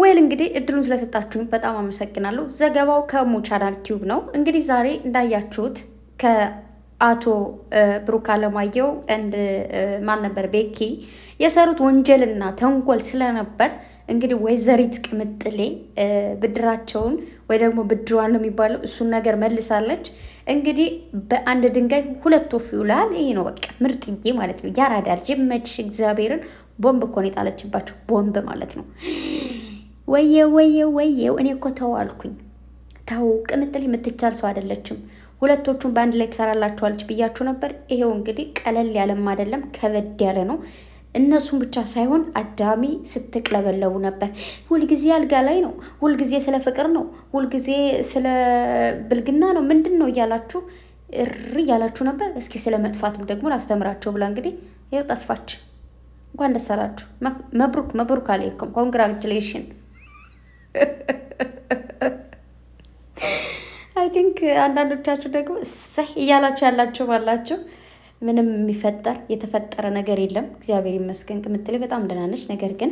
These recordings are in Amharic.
ወይል እንግዲህ እድሉን ስለሰጣችሁኝ በጣም አመሰግናለሁ። ዘገባው ከሙ ቻናል ቲዩብ ነው። እንግዲህ ዛሬ እንዳያችሁት ከአቶ ብሩክ አለማየሁ እንድ ማን ነበር ቤኪ የሰሩት ወንጀልና ተንኮል ስለነበር እንግዲህ ወይዘሪት ቅምጥሌ ብድራቸውን ወይ ደግሞ ብድሯን ነው የሚባለው እሱን ነገር መልሳለች። እንግዲህ በአንድ ድንጋይ ሁለት ወፍ ይውላል። ይሄ ነው በቃ ምርጥዬ ማለት ነው። ያራዳል ጅመች እግዚአብሔርን ቦምብ እኮ ነው የጣለችባቸው ቦምብ ማለት ነው። ወየ ወየ ወየው እኔ እኮ ተው አልኩኝ። ተው ቅምጥል የምትቻል ሰው አይደለችም። ሁለቶቹን በአንድ ላይ ትሰራላችኋለች ብያችሁ ነበር። ይሄው እንግዲህ ቀለል ያለም አይደለም ከበድ ያለ ነው። እነሱን ብቻ ሳይሆን አዳሚ ስትቅለበለቡ ነበር። ሁልጊዜ አልጋ ላይ ነው፣ ሁልጊዜ ስለ ፍቅር ነው፣ ሁልጊዜ ስለ ብልግና ነው፣ ምንድን ነው እያላችሁ እሪ እያላችሁ ነበር። እስኪ ስለ መጥፋትም ደግሞ ላስተምራቸው ብላ እንግዲህ ይኸው ጠፋች። እንኳን ደስ አላችሁ። መብሩክ መብሩክ አለይኩም ኮንግራጁሌሽን አንዳንዶቻችሁ ደግሞ እሰይ እያላችሁ ያላችሁ ባላችሁ ምንም የሚፈጠር የተፈጠረ ነገር የለም። እግዚአብሔር ይመስገን። ቅምጥሌ በጣም ደህና ነች። ነገር ግን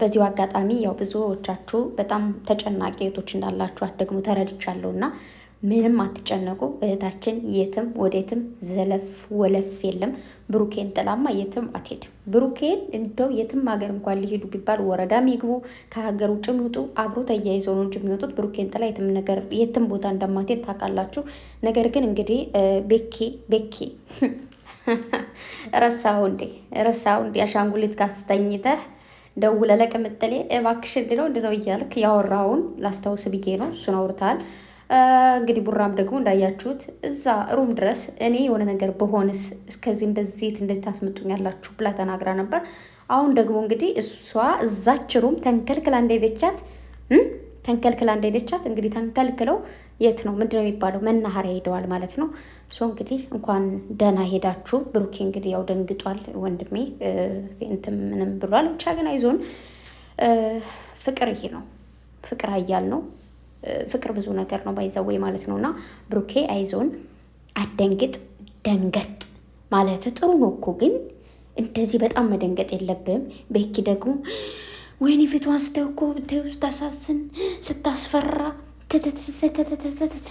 በዚሁ አጋጣሚ ያው ብዙዎቻችሁ በጣም ተጨናቂ እህቶች እንዳላችሁ ደግሞ ተረድቻለሁ እና ምንም አትጨነቁ እህታችን የትም ወዴትም ዘለፍ ወለፍ የለም። ብሩኬን ጥላማ የትም አትሄድ። ብሩኬን እንደው የትም ሀገር እንኳን ሊሄዱ ቢባል ወረዳም ይግቡ ከሀገር ውጭ የሚወጡ አብሮ ተያይዞ ነው እንጂ የሚወጡት ብሩኬን ጥላ የትም ነገር የትም ቦታ እንደማትሄድ ታውቃላችሁ። ነገር ግን እንግዲህ ቤኬ ቤኬ ረሳሁ እንዴ ረሳሁ እንዴ አሻንጉሊት ጋር ስተኝተህ ደውለህ ለቅምጥሌ እባክሽን ነው እንድነው እያልክ ያወራውን ላስታውስ ብዬ ነው። እሱን አውርተሃል። እንግዲህ ቡራም ደግሞ እንዳያችሁት እዛ ሩም ድረስ እኔ የሆነ ነገር በሆንስ እስከዚህ እንደዚህ እንደዚህ ያላችሁ ብላ ተናግራ ነበር። አሁን ደግሞ እንግዲህ እሷ እዛች ሩም ተንከልክላ እንደሄደቻት ተንከልክላ እንደሄደቻት እንግዲህ ተንከልክለው የት ነው ምንድነው የሚባለው መናኸሪያ ሄደዋል ማለት ነው። ሶ እንግዲህ እንኳን ደህና ሄዳችሁ። ብሩኬ እንግዲህ ያው ደንግጧል ወንድሜ እንትን ምንም ብሏል። ብቻ ግን አይዞን ፍቅር ይሄ ነው ፍቅር አያል ነው። ፍቅር ብዙ ነገር ነው ባይዘወይ ማለት ነው። እና ብሩኬ አይዞን፣ አደንግጥ። ደንገጥ ማለት ጥሩ ነው እኮ ግን እንደዚህ በጣም መደንገጥ የለብም። ቤኪ ደግሞ ወይኔ ፊቷን ስተው እኮ ብታዩ ስታሳዝን ስታስፈራ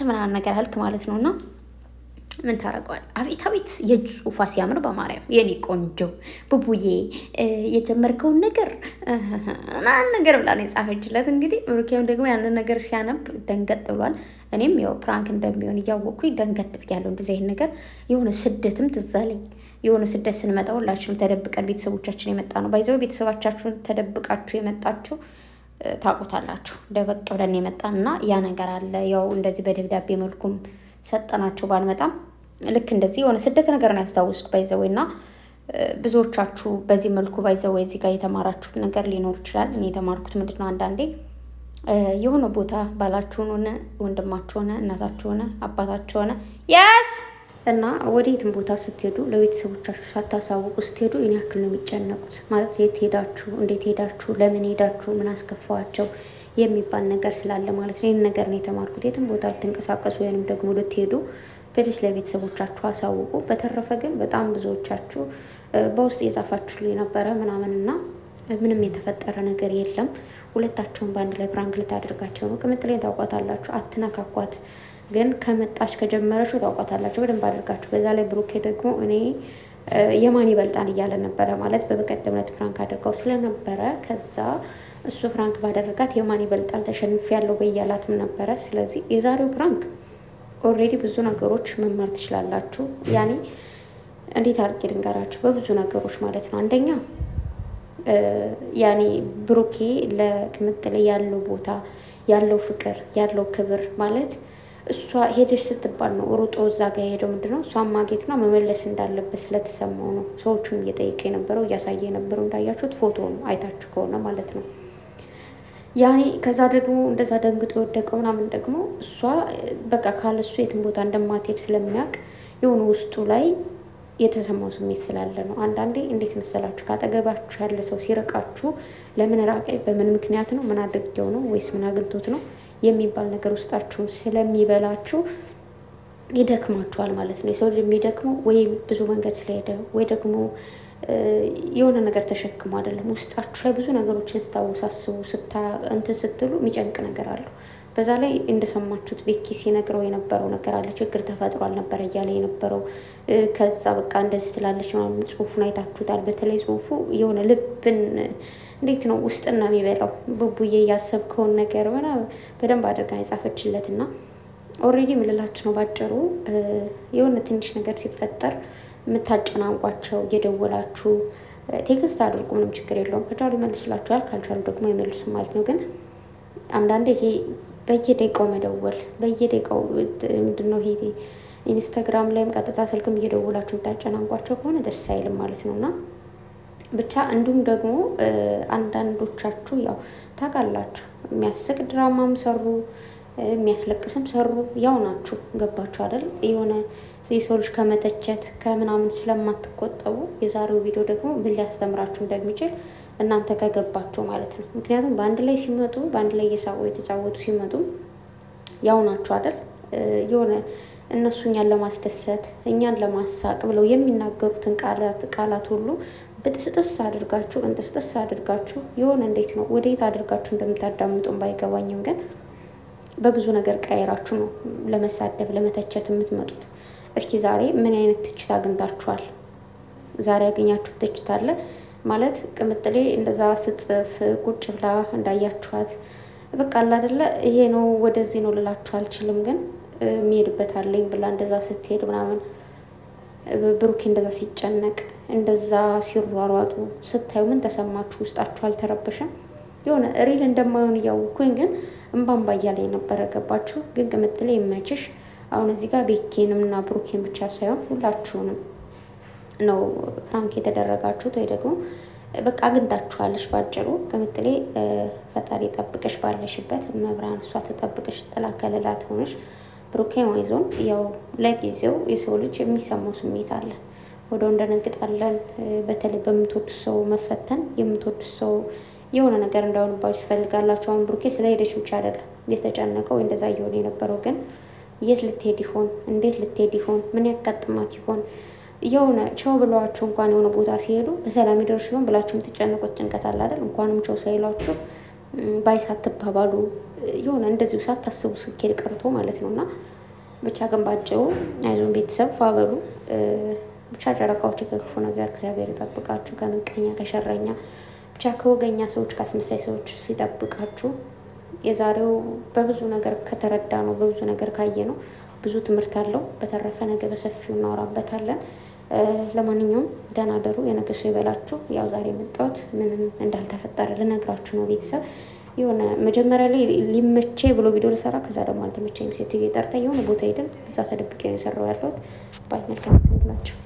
ምናምን ነገር አልክ ማለት ነው እና ምን ታደርገዋል? አቤት አቤት የእጅ ጽሑፋ ሲያምር በማርያም የኔ ቆንጆ ቡቡዬ የጀመርከውን ነገር ማን ነገር ብላ ነው የጻፈችለት። እንግዲህ ብሩኬም ደግሞ ያንን ነገር ሲያነብ ደንገጥ ብሏል። እኔም ያው ፕራንክ እንደሚሆን እያወቅኩኝ ደንገጥ ብያለሁ። እንደዚህ አይነት ነገር የሆነ ስደትም ትዝ አለኝ። የሆነ ስደት ስንመጣ ሁላችንም ተደብቀን ቤተሰቦቻችን የመጣ ነው ባይዘው ቤተሰባቻችሁን ተደብቃችሁ የመጣችሁ ታውቁታላችሁ። ደበቅ ብለን የመጣ እና ያ ነገር አለ ያው እንደዚህ በደብዳቤ መልኩም ሰጠናቸው ባልመጣም ልክ እንደዚህ የሆነ ስደት ነገር ነው ያስታውስኩ ባይዘወይ እና ብዙዎቻችሁ በዚህ መልኩ ባይዘወይ እዚህ ጋር የተማራችሁት ነገር ሊኖር ይችላል። እኔ የተማርኩት ምንድን ነው አንዳንዴ የሆነ ቦታ ባላችሁን ሆነ ወንድማችሁ ሆነ እናታችሁ ሆነ አባታችሁ ሆነ የስ እና ወደ የትም ቦታ ስትሄዱ ለቤተሰቦቻችሁ ሳታሳውቁ ስትሄዱ እኔ ያክል ነው የሚጨነቁት። ማለት የት ሄዳችሁ፣ እንዴት ሄዳችሁ፣ ለምን ሄዳችሁ፣ ምን አስከፋዋቸው የሚባል ነገር ስላለ ማለት ነው። ይህን ነገር ነው የተማርኩት። የትም ቦታ ልትንቀሳቀሱ ወይንም ደግሞ ልትሄዱ በዲስ ለቤተሰቦቻችሁ አሳውቁ። በተረፈ ግን በጣም ብዙዎቻችሁ በውስጥ የጻፋችሁ የነበረ ምናምን እና ምንም የተፈጠረ ነገር የለም። ሁለታቸውን በአንድ ላይ ፕራንክ ልታደርጋቸው ነው። ቅምጥ ላይ ታውቋታላችሁ። አትነካኳት ግን ከመጣች ከጀመረችው ታውቋታላችሁ በደንብ አድርጋችሁ። በዛ ላይ ብሩኬ ደግሞ እኔ የማን ይበልጣል እያለ ነበረ። ማለት በበቀደም ዕለት ፕራንክ አድርገው ስለነበረ ከዛ እሱ ፕራንክ ባደረጋት የማን ይበልጣል ተሸንፍ ያለው በያላትም ነበረ። ስለዚህ የዛሬው ፕራንክ ኦልሬዲ ብዙ ነገሮች መማር ትችላላችሁ። ያኔ እንዴት አድርጌ ልንገራችሁ? በብዙ ነገሮች ማለት ነው። አንደኛ ያኔ ብሩኬ ለቅምጥሌ ያለው ቦታ ያለው ፍቅር ያለው ክብር ማለት እሷ ሄደች ስትባል ነው ሩጦ እዛ ጋር የሄደው። እሷ እሷን ማግኘትና መመለስ እንዳለበት ስለተሰማው ነው። ሰዎቹም እየጠየቀ የነበረው እያሳየ የነበረው እንዳያችሁት ፎቶ ነው፣ አይታችሁ ከሆነ ማለት ነው። ያኔ ከዛ ደግሞ እንደዛ ደንግጦ የወደቀው ምናምን ደግሞ እሷ በቃ ካለሱ እሱ የትም ቦታ እንደማትሄድ ስለሚያውቅ የሆኑ ውስጡ ላይ የተሰማው ስሜት ስላለ ነው። አንዳንዴ እንዴት መሰላችሁ ካጠገባችሁ ያለ ሰው ሲርቃችሁ ለምን ራቀኝ፣ በምን ምክንያት ነው፣ ምን አድርጌው ነው ወይስ ምን አግኝቶት ነው የሚባል ነገር ውስጣችሁ ስለሚበላችሁ ይደክማችኋል ማለት ነው። የሰው ልጅ የሚደክመው ወይ ብዙ መንገድ ስለሄደ ወይ ደግሞ የሆነ ነገር ተሸክሞ አይደለም። ውስጣችሁ ላይ ብዙ ነገሮችን ስታወሳስቡ እንትን ስትሉ የሚጨንቅ ነገር አለው። በዛ ላይ እንደሰማችሁት ቤኪ ሲነግረው የነበረው ነገር አለ። ችግር ተፈጥሯል ነበር እያለ የነበረው ከዛ በቃ እንደዚህ ትላለች ምናምን። ጽሁፉን አይታችሁታል። በተለይ ጽሁፉ የሆነ ልብን እንዴት ነው ውስጥና የሚበላው ብቡዬ እያሰብከውን ነገር ሆነ በደንብ አድርጋ የጻፈችለት እና ኦልሬዲ ምልላችሁ ነው ባጭሩ የሆነ ትንሽ ነገር ሲፈጠር የምታጨናንቋቸው እየደወላችሁ ቴክስት አድርጉ። ምንም ችግር የለውም። ከቻሉ ይመልሱላችኋል፣ ካልቻሉ ደግሞ አይመልሱም ማለት ነው። ግን አንዳንዴ ይሄ በየደቂቃው መደወል በየደቂቃው ምንድን ነው ይሄ ኢንስታግራም ላይም ቀጥታ ስልክም እየደወላችሁ የምታጨናንቋቸው ከሆነ ደስ አይልም ማለት ነው እና ብቻ እንዲሁም ደግሞ አንዳንዶቻችሁ ያው ታውቃላችሁ፣ የሚያስቅ ድራማም ሰሩ የሚያስለቅስም ሰሩ ያው ናችሁ። ገባችሁ አይደል? የሆነ የሰው ልጅ ከመተቸት ከምናምን ስለማትቆጠቡ የዛሬው ቪዲዮ ደግሞ ምን ሊያስተምራችሁ እንደሚችል እናንተ ከገባቸው ማለት ነው። ምክንያቱም በአንድ ላይ ሲመጡ በአንድ ላይ እየሳቁ የተጫወቱ ሲመጡ ያው ናቸው አይደል የሆነ እነሱ እኛን ለማስደሰት እኛን ለማሳቅ ብለው የሚናገሩትን ቃላት ሁሉ ብጥስጥስ አድርጋችሁ እንጥስጥስ አድርጋችሁ የሆነ እንዴት ነው ወደየት አድርጋችሁ እንደምታዳምጡም ባይገባኝም ግን በብዙ ነገር ቀይራችሁ ነው ለመሳደብ ለመተቸት የምትመጡት። እስኪ ዛሬ ምን አይነት ትችት አግኝታችኋል? ዛሬ ያገኛችሁት ትችት አለ? ማለት ቅምጥሌ እንደዛ ስጽፍ ቁጭ ብላ እንዳያችኋት በቃ አላደለ ይሄ ነው ወደዚህ ነው ልላችሁ አልችልም፣ ግን የሚሄድበት አለኝ ብላ እንደዛ ስትሄድ ምናምን ብሩኬ እንደዛ ሲጨነቅ እንደዛ ሲሯሯጡ ስታዩ ምን ተሰማችሁ? ውስጣችሁ አልተረበሸም? የሆነ ሪል እንደማይሆን እያወኩኝ ግን እምባምባ እያለ ነበረ። ገባችሁ? ግን ቅምጥሌ ይመችሽ። አሁን እዚህ ጋር ቤኬንም እና ብሩኬን ብቻ ሳይሆን ሁላችሁንም ነው ፍራንክ የተደረጋችሁት ወይ ደግሞ በቃ አግኝታችኋለሽ። ባጭሩ ቅምጥሌ ፈጣሪ ጠብቅሽ፣ ባለሽበት መብራን እሷ ትጠብቅሽ፣ ጥላ ከለላ ብሩኬ ይዞን ያው ለጊዜው የሰው ልጅ የሚሰማው ስሜት አለ። ወደ እንደነግጣለን። በተለይ በምትወዱት ሰው መፈተን የምትወዱት ሰው የሆነ ነገር እንዳይሆንባችሁ ትፈልጋላችሁ። አሁን ብሩኬ ስለሄደች ብቻ አይደለም የተጨነቀው፣ እንደዛ እየሆነ የነበረው ግን የት ልትሄድ ይሆን? እንዴት ልትሄድ ይሆን? ምን ያጋጥማት ይሆን? የሆነ ቸው ብለዋችሁ እንኳን የሆነ ቦታ ሲሄዱ በሰላም ይደርሱ ይሆን ብላችሁ የምትጨነቁት ጭንቀት አለ አይደል? እንኳንም ቸው ሳይሏችሁ ባይ ሳትባባሉ የሆነ እንደዚሁ ሳታስቡ ስኬድ ቀርቶ ማለት ነው። እና ብቻ ግን ባጭሩ አይዞን ቤተሰብ ፋበሉ ብቻ ጨረቃዎች ከክፉ ነገር እግዚአብሔር ይጠብቃችሁ። ከምቀኛ ከሸረኛ፣ ብቻ ከወገኛ ሰዎች፣ ከአስመሳይ ሰዎች እሱ ይጠብቃችሁ። የዛሬው በብዙ ነገር ከተረዳ ነው፣ በብዙ ነገር ካየ ነው። ብዙ ትምህርት አለው። በተረፈ ነገ በሰፊው እናወራበታለን። ለማንኛውም ደህና ደሩ፣ የነገ ሰው ይበላችሁ። ያው ዛሬ የመጣሁት ምንም እንዳልተፈጠረ ልነግራችሁ ነው ቤተሰብ የሆነ መጀመሪያ ላይ ሊመቼ ብሎ ቪዲዮ ልሰራ፣ ከዛ ደግሞ አልተመቸኝም። ሴትዮ ጠርታ የሆነ ቦታ ሄደን እዛ ተደብቄ ነው የሰራው ያለሁት ባይ መልካም ናቸው።